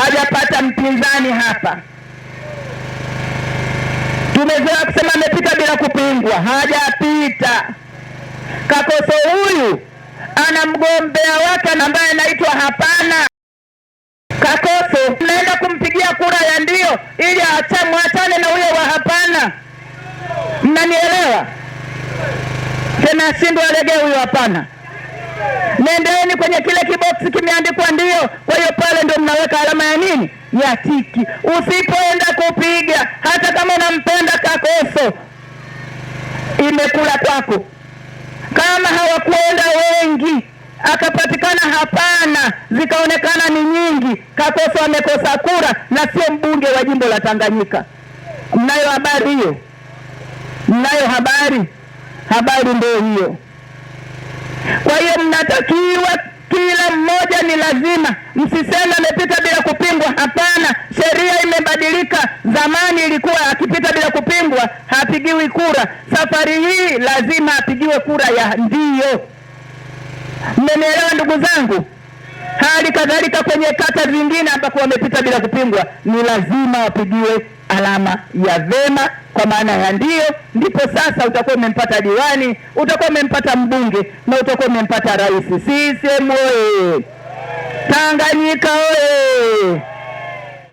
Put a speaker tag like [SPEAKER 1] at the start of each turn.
[SPEAKER 1] hajapata mpinzani hapa. Tumezoea kusema amepita bila kupingwa, hajapita. Kakoso huyu ana mgombea wake ambaye anaitwa hapana. Kakoso mnaenda kumpigia kura ya ndio ili mwachane na huyo wa hapana, mnanielewa? Tena shindwa alege huyo hapana. Nendeni kwenye kile kiboksi kimeandikwa ndio, kwa hiyo pale ndio mnaweka ya tiki. Usipoenda kupiga, hata kama unampenda Kakoso, imekula kwako. Kama hawakuenda wengi, akapatikana hapana, zikaonekana ni nyingi, Kakoso amekosa kura na sio mbunge wa jimbo la Tanganyika. Mnayo habari hiyo? Mnayo habari? Habari ndio hiyo. Kwa hiyo mnatakiwa kila mmoja, ni lazima msiseme amepita zamani ilikuwa akipita bila kupingwa hapigiwi kura. Safari hii lazima apigiwe kura ya ndiyo. Mmenielewa ndugu zangu? Hali kadhalika kwenye kata zingine ambako wamepita bila kupingwa, ni lazima wapigiwe alama ya vema kwa maana ya ndio. Ndipo sasa utakuwa umempata diwani, utakuwa umempata mbunge na utakuwa umempata rais. CCM oye! Tanganyika oye!